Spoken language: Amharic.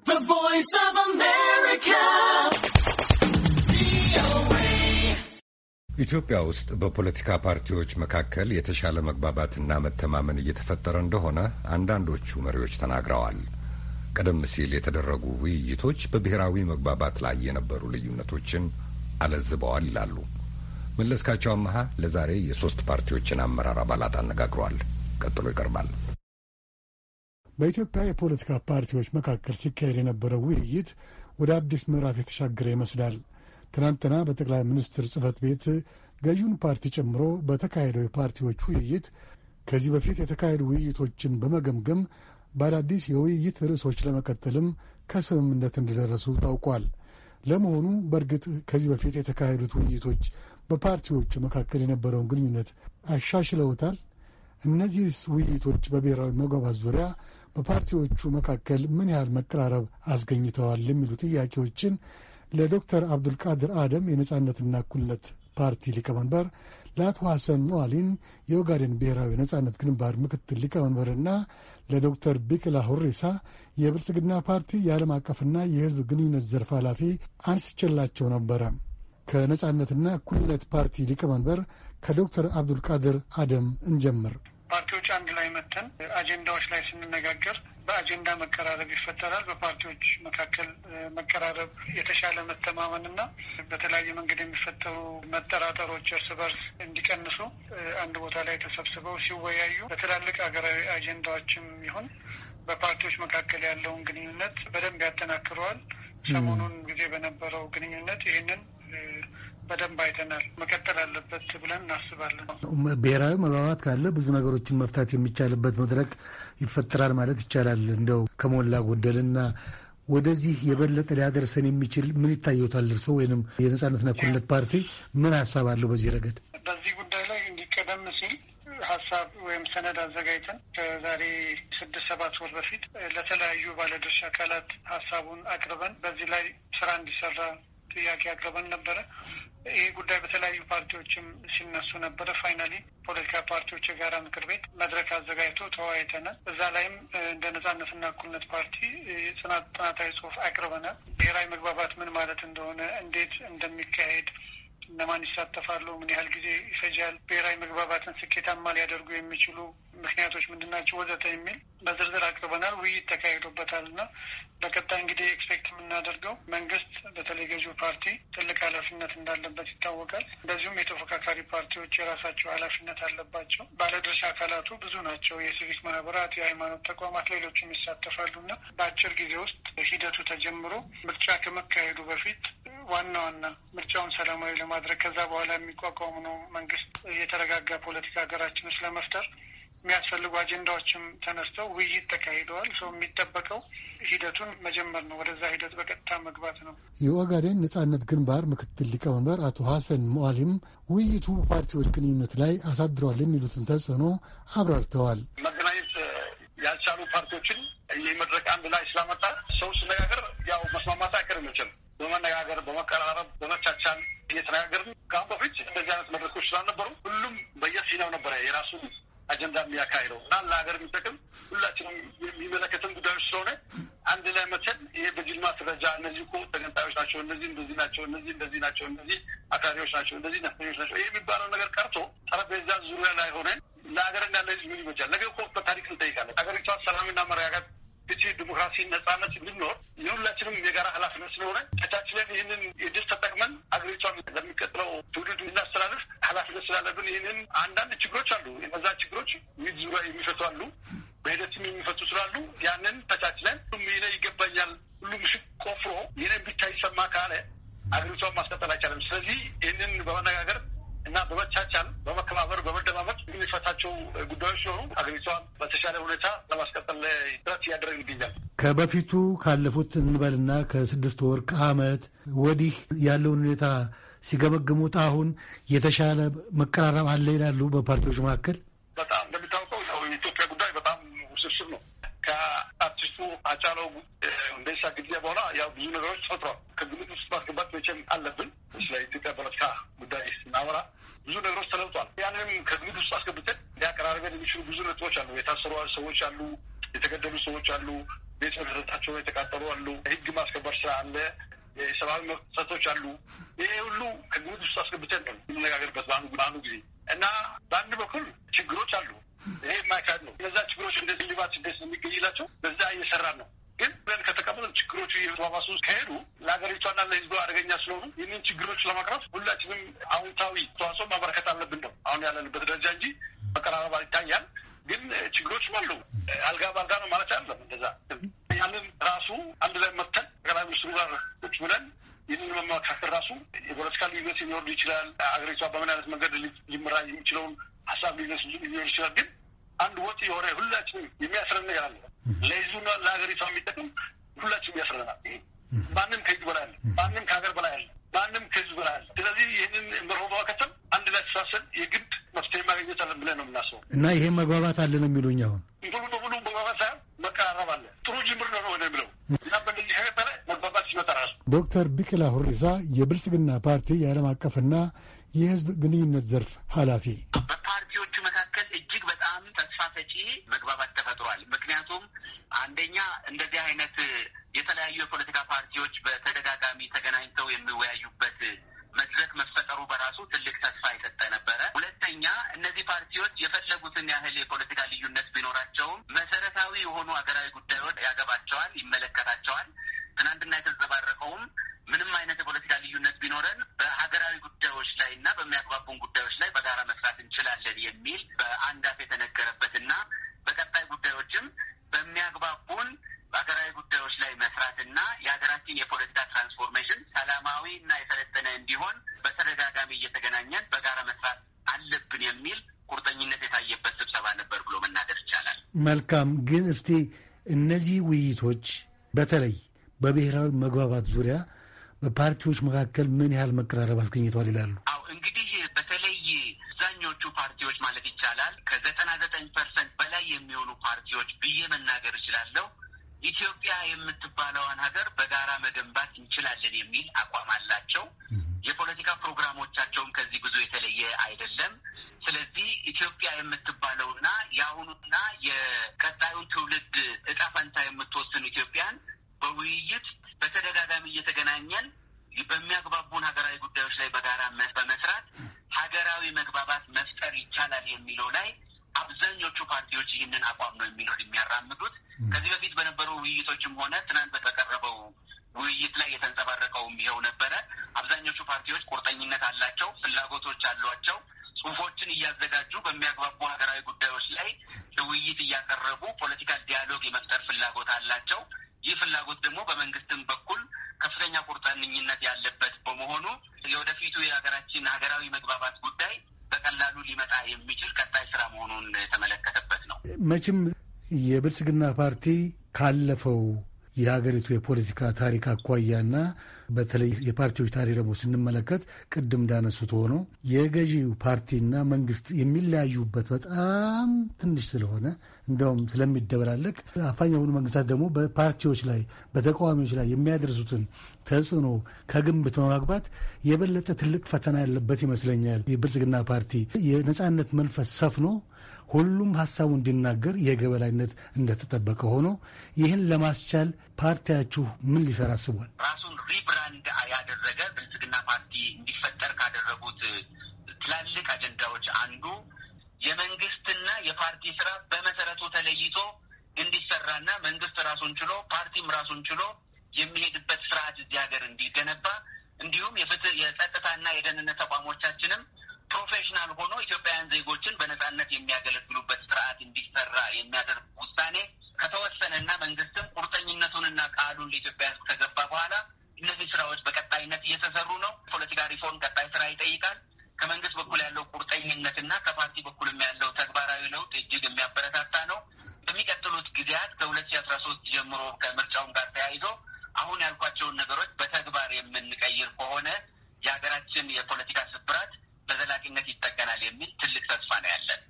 The Voice of America. ኢትዮጵያ ውስጥ በፖለቲካ ፓርቲዎች መካከል የተሻለ መግባባትና መተማመን እየተፈጠረ እንደሆነ አንዳንዶቹ መሪዎች ተናግረዋል። ቀደም ሲል የተደረጉ ውይይቶች በብሔራዊ መግባባት ላይ የነበሩ ልዩነቶችን አለዝበዋል ይላሉ። መለስካቸው አመሃ ለዛሬ የሶስት ፓርቲዎችን አመራር አባላት አነጋግሯል። ቀጥሎ ይቀርባል። በኢትዮጵያ የፖለቲካ ፓርቲዎች መካከል ሲካሄድ የነበረው ውይይት ወደ አዲስ ምዕራፍ የተሻገረ ይመስላል። ትናንትና በጠቅላይ ሚኒስትር ጽህፈት ቤት ገዢውን ፓርቲ ጨምሮ በተካሄደው የፓርቲዎች ውይይት ከዚህ በፊት የተካሄዱ ውይይቶችን በመገምገም በአዳዲስ የውይይት ርዕሶች ለመቀጠልም ከስምምነት እንደደረሱ ታውቋል። ለመሆኑ በእርግጥ ከዚህ በፊት የተካሄዱት ውይይቶች በፓርቲዎቹ መካከል የነበረውን ግንኙነት አሻሽለውታል? እነዚህ ውይይቶች በብሔራዊ መግባባት ዙሪያ በፓርቲዎቹ መካከል ምን ያህል መቀራረብ አስገኝተዋል የሚሉ ጥያቄዎችን ለዶክተር አብዱልቃድር አደም የነጻነትና እኩልነት ፓርቲ ሊቀመንበር ለአቶ ሐሰን ሞዋሊን የኦጋዴን ብሔራዊ ነጻነት ግንባር ምክትል ሊቀመንበርና ለዶክተር ቢቅላ ሁሬሳ የብልጽግና ፓርቲ የዓለም አቀፍና የሕዝብ ግንኙነት ዘርፍ ኃላፊ አንስቼላቸው ነበረ። ከነጻነትና እኩልነት ፓርቲ ሊቀመንበር ከዶክተር አብዱልቃድር አደም እንጀምር። ፓርቲዎች አንድ ላይ መተን አጀንዳዎች ላይ ስንነጋገር በአጀንዳ መቀራረብ ይፈጠራል። በፓርቲዎች መካከል መቀራረብ የተሻለ መተማመን እና በተለያየ መንገድ የሚፈጠሩ መጠራጠሮች እርስ በርስ እንዲቀንሱ አንድ ቦታ ላይ ተሰብስበው ሲወያዩ በትላልቅ ሀገራዊ አጀንዳዎችም ይሁን በፓርቲዎች መካከል ያለውን ግንኙነት በደንብ ያጠናክረዋል። ሰሞኑን ጊዜ በነበረው ግንኙነት ይህንን በደንብ አይተናል። መቀጠል አለበት ብለን እናስባለን። ብሔራዊ መግባባት ካለ ብዙ ነገሮችን መፍታት የሚቻልበት መድረክ ይፈጠራል ማለት ይቻላል። እንደው ከሞላ ጎደልና ወደዚህ የበለጠ ሊያደርሰን የሚችል ምን ይታየታል? እርሶ ወይም የነጻነትና እኩልነት ፓርቲ ምን ሀሳብ አለው በዚህ ረገድ? በዚህ ጉዳይ ላይ እንዲቀደም ሲል ሀሳብ ወይም ሰነድ አዘጋጅተን ከዛሬ ስድስት ሰባት ወር በፊት ለተለያዩ ባለድርሻ አካላት ሀሳቡን አቅርበን በዚህ ላይ ስራ እንዲሰራ ጥያቄ አቅርበን ነበረ። ይህ ጉዳይ በተለያዩ ፓርቲዎችም ሲነሱ ነበረ። ፋይናሊ ፖለቲካ ፓርቲዎች የጋራ ምክር ቤት መድረክ አዘጋጅቶ ተወያይተናል። እዛ ላይም እንደ ነጻነትና እኩልነት ፓርቲ ጥናታዊ ጽሁፍ አቅርበናል። ብሔራዊ መግባባት ምን ማለት እንደሆነ እንዴት እንደሚካሄድ እነማን ይሳተፋሉ፣ ምን ያህል ጊዜ ይፈጃል፣ ብሔራዊ መግባባትን ስኬታማ ሊያደርጉ የሚችሉ ምክንያቶች ምንድናቸው ወዘተ የሚል በዝርዝር አቅርበናል። ውይይት ተካሂዶበታል እና በቀጣይ እንግዲህ ኤክስፔክት የምናደርገው መንግስት በተለይ ገዢው ፓርቲ ትልቅ ኃላፊነት እንዳለበት ይታወቃል። እንደዚሁም የተፎካካሪ ፓርቲዎች የራሳቸው ኃላፊነት አለባቸው። ባለድርሻ አካላቱ ብዙ ናቸው። የሲቪክ ማህበራት፣ የሃይማኖት ተቋማት፣ ሌሎችም ይሳተፋሉ እና በአጭር ጊዜ ውስጥ ሂደቱ ተጀምሮ ምርጫ ከመካሄዱ በፊት ዋና ዋና ምርጫውን ሰላማዊ ለማድረግ ከዛ በኋላ የሚቋቋሙ ነው መንግስት የተረጋጋ ፖለቲካ ሀገራችን ውስጥ ለመፍጠር የሚያስፈልጉ አጀንዳዎችም ተነስተው ውይይት ተካሂደዋል። ሰው የሚጠበቀው ሂደቱን መጀመር ነው፣ ወደዛ ሂደት በቀጥታ መግባት ነው። የኦጋዴን ነጻነት ግንባር ምክትል ሊቀመንበር አቶ ሀሰን ሙአሊም ውይይቱ ፓርቲዎች ግንኙነት ላይ አሳድረዋል የሚሉትን ተጽዕኖ አብራርተዋል። መገናኘት ያልቻሉ ፓርቲዎችን የመድረክ አንድ ላይ ስላመጣ ሰው ስነጋገር ያው መስማማት አይቀርም መቼም በመነጋገር በመቀራረብ፣ በመቻቻል እየተነጋገርን ከአሁን በፊት እንደዚህ አይነት መድረኮች ስላልነበሩ ሁሉም በየፊናው ነበረ የራሱን አጀንዳ የሚያካሂደው እና ለሀገር የሚጠቅም ሁላችንም የሚመለከትን ጉዳዮች ስለሆነ አንድ ላይ መተን ይሄ በጅልማ ደረጃ እነዚህ እኮ ተገንጣዮች ናቸው፣ እነዚህ እንደዚህ ናቸው፣ እነዚህ እንደዚህ ናቸው፣ እነዚህ አክራሪዎች ናቸው፣ እነዚህ ነፍተኞች ናቸው፣ ይህ የሚባለው ነገር ቀርቶ ጠረጴዛ ዙሪያ ላይ ሆነን ለሀገርና ለሕዝብ ምን ይበጃል? ነገ እኮ በታሪክ እንጠይቃለን። በዲሞክራሲ ነጻነት እንድንኖር የሁላችንም የጋራ ኃላፊነት ስለሆነ ተቻችለን ይህንን እድል ተጠቅመን አገሪቷን ለሚቀጥለው ትውልድ እናስተላልፍ ኃላፊነት ስላለብን ይህንን አንዳንድ ችግሮች አሉ። እነዛ ችግሮች ሚድ ዙሪያ የሚፈቱ አሉ። በሂደትም የሚፈቱ ስላሉ ያንን ተቻች ከበፊቱ ካለፉት እንበልና ከስድስት ወር ከዓመት ወዲህ ያለውን ሁኔታ ሲገመግሙት አሁን የተሻለ መቀራረብ አለ ይላሉ በፓርቲዎች መካከል? በጣም እንደሚታወቀው ያው የኢትዮጵያ ጉዳይ በጣም ውስብስብ ነው። ከአርቲስቱ አጫለው ሁንዴሳ ግድያ በኋላ ያው ብዙ ነገሮች ተፈጥሯል። ከግምት ውስጥ ማስገባት መቼም አለብን። ስለ ኢትዮጵያ ፖለቲካ ጉዳይ ስናወራ ብዙ ነገሮች ተለውጧል። ያንንም ከግምት ውስጥ አስገብተን ሊያቀራርበን የሚችሉ ብዙ ነጥቦች አሉ። የታሰሩ ሰዎች አሉ፣ የተገደሉ ሰዎች አሉ፣ ቤተሰብ ተሰጣቸው የተቃጠሉ አሉ። ህግ ማስከበር ስራ አለ። የሰብአዊ መብት ጥሰቶች አሉ። ይሄ ሁሉ ከግምት ውስጥ አስገብተን ነው የምነጋገርበት በአሁኑ ጊዜ እና በአንድ በኩል ችግሮች አሉ። ይሄ የማይካድ ነው። እነዛ ችግሮች እንደዚህ ሊባት ስደት የሚገኝላቸው በዛ እየሰራ ነው። ግን ብለን ከተቀመጠ ችግሮቹ እየተባባሱ ከሄዱ ለሀገሪቷና ለህዝቡ አደገኛ ስለሆኑ ይህንን ችግሮች ለማቅረፍ ሁላችንም አውንታዊ ተዋጽኦ ማበረከት አለብን ነው አሁን ያለንበት ደረጃ እንጂ መቀራረባ ይታያል። ግን ችግሮችም አሉ። አልጋ በአልጋ ነው ማለት አለ ሀሳቦችን ሊወርዱ ይችላል። አገሪቷ በምን አይነት መንገድ ሊመራ የሚችለውን ሀሳብ ሊነሱ ሊሆን ይችላል። ግን አንድ ወጥ የሆነ ሁላችንም የሚያስረን ነገር አለ። ለህዝቡና ለሀገሪቷ የሚጠቅም ሁላችንም ያስረናል። ማንም ከህዝብ በላይ አለ። ማንም ከሀገር በላይ አለ። ማንም ከህዝብ በላይ አለ። ስለዚህ ይህንን መርሆ በመከተል አንድ ላይ ተሳሰብ የግድ መፍትሄ ማግኘት አለን ብለን ነው የምናስበው እና ይሄ መግባባት አለ ነው የሚሉኝ አሁን ሙሉ በሙሉ መግባባት ሳይሆን መቀራረብ አለ። ጥሩ ጅምር ነው ነው የሚለው ዶክተር ቢቅላ ሁሪሳ የብልጽግና ፓርቲ የዓለም አቀፍና የህዝብ ግንኙነት ዘርፍ ኃላፊ። በፓርቲዎቹ መካከል እጅግ በጣም ተስፋ ሰጪ መግባባት ተፈጥሯል። ምክንያቱም አንደኛ እንደዚህ አይነት የተለያዩ የፖለቲካ ፓርቲዎች በተደጋጋሚ ተገናኝተው የሚወያዩበት መድረክ መፈጠሩ በራሱ ትልቅ ተስፋ የሰጠ ነበረ። ሁለተኛ እነዚህ ፓርቲዎች የፈለጉትን ያህል የፖለቲካ ልዩነት ቢኖራቸውም መሰረታዊ የሆኑ ሀገራዊ ጉዳዮች ያገባቸዋል፣ ይመለከታቸዋል። ትናንትና በአንድ አፍ የተነገረበት እና በቀጣይ ጉዳዮችም በሚያግባቡን በሀገራዊ ጉዳዮች ላይ መስራትና የሀገራችን የፖለቲካ ትራንስፎርሜሽን ሰላማዊ እና የሰለጠነ እንዲሆን በተደጋጋሚ እየተገናኘን በጋራ መስራት አለብን የሚል ቁርጠኝነት የታየበት ስብሰባ ነበር ብሎ መናገር ይቻላል። መልካም። ግን እስቲ እነዚህ ውይይቶች በተለይ በብሔራዊ መግባባት ዙሪያ በፓርቲዎች መካከል ምን ያህል መቀራረብ አስገኝተዋል ይላሉ? አብዛኞቹ ፓርቲዎች ማለት ይቻላል ከዘጠና ዘጠኝ ፐርሰንት በላይ የሚሆኑ ፓርቲዎች ብዬ መናገር እችላለሁ ኢትዮጵያ የምትባለዋን ሀገር በጋራ መገንባት እንችላለን የሚል አቋም አላቸው። የፖለቲካ ፕሮግራሞቻቸውም ከዚህ ብዙ የተለየ አይደለም። ስለዚህ ኢትዮጵያ የምትባለውና የአሁኑና የቀጣዩን ትውልድ እጣ ፈንታ የምትወስኑ ኢትዮጵያን በውይይት በተደጋጋሚ እየተገናኘን በሚ ያሏቸው ጽሁፎችን እያዘጋጁ በሚያግባቡ ሀገራዊ ጉዳዮች ላይ ለውይይት እያቀረቡ ፖለቲካል ዲያሎግ የመፍጠር ፍላጎት አላቸው። ይህ ፍላጎት ደግሞ በመንግስትም በኩል ከፍተኛ ቁርጠኝነት ያለበት በመሆኑ የወደፊቱ የሀገራችን ሀገራዊ መግባባት ጉዳይ በቀላሉ ሊመጣ የሚችል ቀጣይ ስራ መሆኑን የተመለከተበት ነው። መቼም የብልጽግና ፓርቲ ካለፈው የሀገሪቱ የፖለቲካ ታሪክ አኳያና በተለይ የፓርቲዎች ታሪክ ደግሞ ስንመለከት ቅድም እንዳነሱት ሆኖ የገዢው ፓርቲና መንግስት የሚለያዩበት በጣም ትንሽ ስለሆነ እንደውም ስለሚደበላለቅ አፋኝ የሆኑ መንግስታት ደግሞ በፓርቲዎች ላይ በተቃዋሚዎች ላይ የሚያደርሱትን ተጽዕኖ ከግንብት በማግባት የበለጠ ትልቅ ፈተና ያለበት ይመስለኛል። የብልጽግና ፓርቲ የነጻነት መንፈስ ሰፍኖ ሁሉም ሀሳቡ እንዲናገር የገበላይነት እንደተጠበቀ ሆኖ ይህን ለማስቻል ፓርቲያችሁ ምን ሊሰራ አስቧል? ራሱን ሪብራንድ ያደረገ ብልጽግና ፓርቲ እንዲፈጠር ካደረጉት ትላልቅ አጀንዳዎች አንዱ የመንግስትና የፓርቲ ስራ በመሰረቱ ተለይቶ እንዲሰራና መንግስት ራሱን ችሎ ፓርቲም ራሱን ችሎ የሚሄድበት ስርዓት እዚህ ሀገር እንዲገነባ እንዲሁም የፍትህ የጸጥታና የደህንነት ተቋሞቻችንም ፕሮፌሽናል ሆኖ ኢትዮጵያውያን ዜጎችን በነጻነት የሚያገለግሉበት ስርዓት እንዲሰራ የሚያደርግ ውሳኔ ከተወሰነና መንግስትም ቁርጠኝነቱንና ቃሉን ለኢትዮጵያ ሕዝብ ከገባ በኋላ እነዚህ ስራዎች በቀጣይነት እየተሰሩ ነው። ፖለቲካ ሪፎርም ቀጣይ ስራ ይጠይቃል። ከመንግስት በኩል ያለው ቁርጠኝነትና ከፓርቲ በኩልም ያለው ተግባራዊ ለውጥ እጅግ የሚያበረታታ ነው። በሚቀጥሉት ጊዜያት ከሁለት ሺህ አስራ ሶስት ጀምሮ ከምርጫውም ጋር ተያይዞ አሁን ያልኳቸውን ነገሮች በተግባር የምንቀይር ከሆነ የሀገራችን የፖለቲካ ስብራት በዘላቂነት ይጠገናል የሚል ትልቅ ተስፋ ነው ያለን።